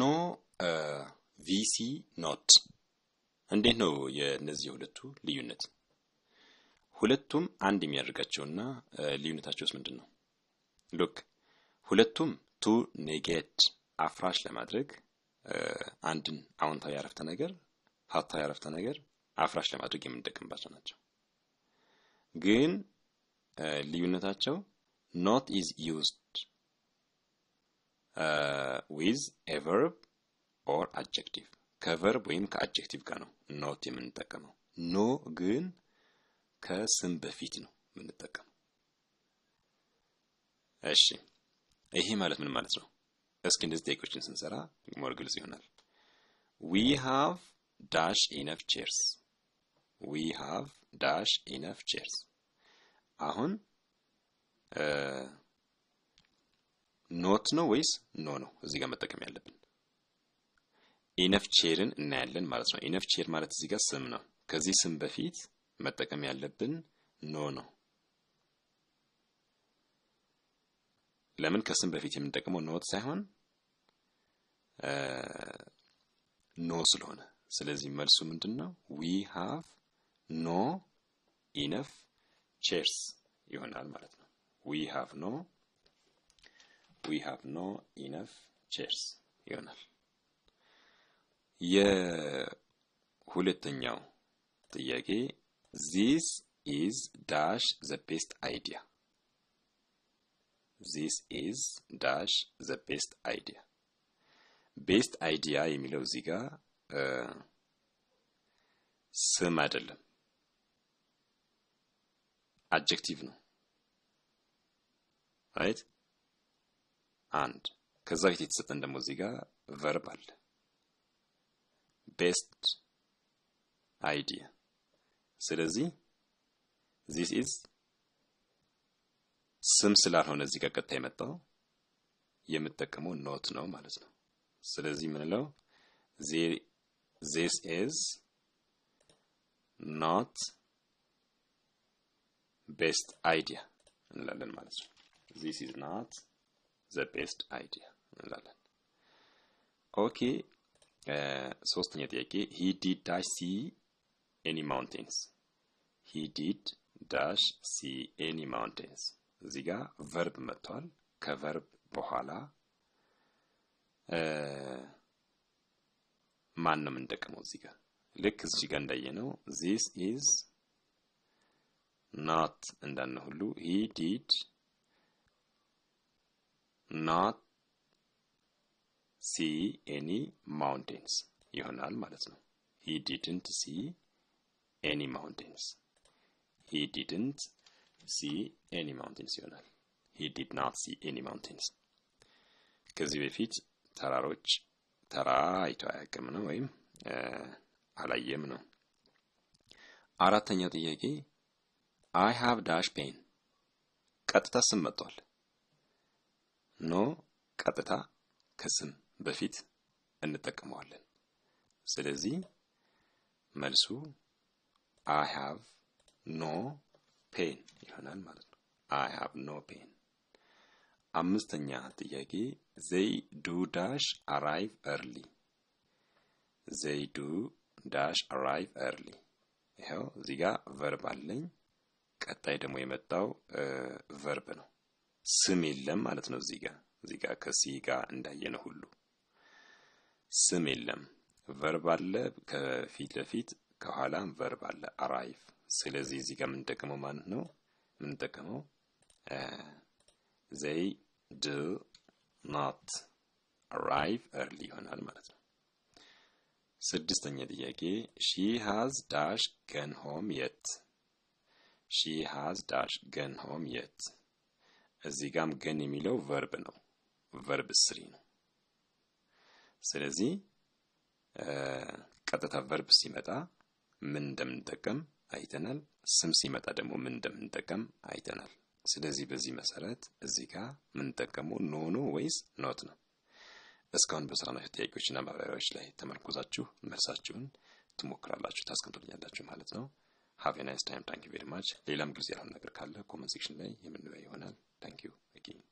ኖ ቪሲ ኖት። እንዴት ነው የእነዚህ ሁለቱ ልዩነት? ሁለቱም አንድ የሚያደርጋቸውና ልዩነታቸውስ ምንድን ነው? ሉክ ሁለቱም ቱ ኔጌት አፍራሽ ለማድረግ አንድን አዎንታዊ አረፍተ ነገር ሀታዊ አረፍተ ነገር አፍራሽ ለማድረግ የምንጠቀምባቸው ናቸው። ግን ልዩነታቸው ኖት ኢዝ ዩዝድ ዊዝ ኤ ቨርብ ኦር አጀክቲቭ ከቨርብ ወይም ከአጀክቲቭ ጋር ነው ኖት የምንጠቀመው። ኖ ግን ከስም በፊት ነው የምንጠቀመው። እሺ ይሄ ማለት ምን ማለት ነው? እስኪ እንደዚህ ጥያቄዎችን ስንሰራ ሞር ግልጽ ይሆናል። ዊ ሃቭ ዳሽ ኢነፍ ቼርስ፣ ዊ ሃቭ ዳሽ ኢነፍ ቼርስ። አሁን uh, ኖት ነው ወይስ ኖ ነው? እዚህ ጋር መጠቀም ያለብን ኢነፍ ቼርን እናያለን ማለት ነው። ኢነፍ ቼር ማለት እዚህ ጋር ስም ነው። ከዚህ ስም በፊት መጠቀም ያለብን ኖ ነው። ለምን ከስም በፊት የምንጠቅመው ኖት ሳይሆን ኖ ስለሆነ፣ ስለዚህ መልሱ ምንድን ነው? ዊ ሃቭ ኖ ኢነፍ ቼርስ ይሆናል ማለት ነው። ዊ ሃቭ ኖ ዊ ሃቭ ኖ ኢነፍ ቼርስ ይሆናል። የሁለተኛው ጥያቄ ዚስ ኢዝ ዳሽ ዘ ቤስት አይዲያ ዚስ ኢዝ ዳሽ ዘ ቤስት አይዲያ። ቤስት አይዲያ የሚለው እዚህ ጋር ስም አይደለም፣ አጀክቲቭ ነው። ራይት አንድ ከዛ በፊት የተሰጠን ደግሞ እዚህ ጋር ቨርብ አለ። ቤስት አይዲያ። ስለዚህ ዚስ ኢዝ ስም ስላልሆነ እዚህ ጋር ቀጥታ የመጣው የምጠቀመው ኖት ነው ማለት ነው። ስለዚህ የምንለው ዚስ ኢዝ ኖት ቤስት አይዲያ እንላለን ማለት ነው። ዚስ ኢዝ ኖት ዘ ቤስት አይዲያ እንላለን። ኦኬ ሶስተኛ ጥያቄ ሂ ዲድ ዳሽ ሲ ኤኒ ማውንቴንስ ሂ ዲድ ዳሽ ሲ ኤኒ ማውንቴንስ። እዚህ ጋ ቨርብ መጥቷል። ከቨርብ በኋላ uh, ማን ነው የምንጠቀመው? እዚህ ጋር ልክ እዚህ ጋር እንዳየ ነው ዚስ ኢዝ ናት እንዳነ ሁሉ ሂ ዲድ not see any mountains ይሆናል ማለት ነው። he didn't see any mountains he didn't see any mountains ይሆናል። he did not see any mountains ከዚህ በፊት ተራሮች ተራ አይቶ አያውቅም ነው ወይም አላየም ነው። አራተኛው ጥያቄ አይ ሃቭ ዳሽ ፔን ቀጥታ ስም መጥቷል። ኖ ቀጥታ ከስም በፊት እንጠቀመዋለን። ስለዚህ መልሱ አይ ሃቭ ኖ ፔን ይሆናል ማለት ነው። አይ ሃቭ ኖ ፔን። አምስተኛ ጥያቄ ዘይ ዱ ዳሽ አራይቭ ኤርሊ። ዘይ ዱ ዳሽ አራይቭ ኤርሊ። ይኸው እዚህ ጋር ቨርብ አለኝ። ቀጣይ ደግሞ የመጣው ቨርብ ነው። ስም የለም ማለት ነው። እዚህ ጋር እዚህ ጋር ከሲ ጋር እንዳየነ ሁሉ ስም የለም። ቨርብ አለ ከፊት ለፊት ከኋላም ቨርብ አለ አራይቭ። ስለዚህ እዚህ ጋር የምንጠቀመው ማለት ነው የምንጠቀመው ዘይ ድ ናት አራይቭ ኤርሊ ይሆናል ማለት ነው። ስድስተኛ ጥያቄ ሺ ሃዝ ዳሽ ገን ሆም የት ሺ ሃዝ ዳሽ ገን ሆም የት እዚህ ጋም ግን የሚለው ቨርብ ነው፣ ቨርብ ስሪ ነው። ስለዚህ ቀጥታ ቨርብ ሲመጣ ምን እንደምንጠቀም አይተናል። ስም ሲመጣ ደግሞ ምን እንደምንጠቀም አይተናል። ስለዚህ በዚህ መሰረት እዚህ ጋር የምንጠቀመው ኖ ኖ ወይስ ኖት ነው። እስካሁን በሰራናቸው ጥያቄዎችና ማብራሪያዎች ላይ ተመርኮዛችሁ መልሳችሁን ትሞክራላችሁ፣ ታስቀምጡልኛላችሁ ማለት ነው። ሃቭ ኤ ናይስ ታይም። ታንክ ቬሪ ማች። ሌላም ግልጽ ያልሆነ ነገር ካለ ኮመንት ሴክሽን ላይ የምንወያይ ይሆናል። Thank you again.